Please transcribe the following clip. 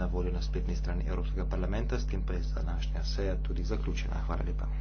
na voljo na spletni strani Evropskega parlamenta, s tem pa je današnja seja tudi zaključena. Hvala lepa.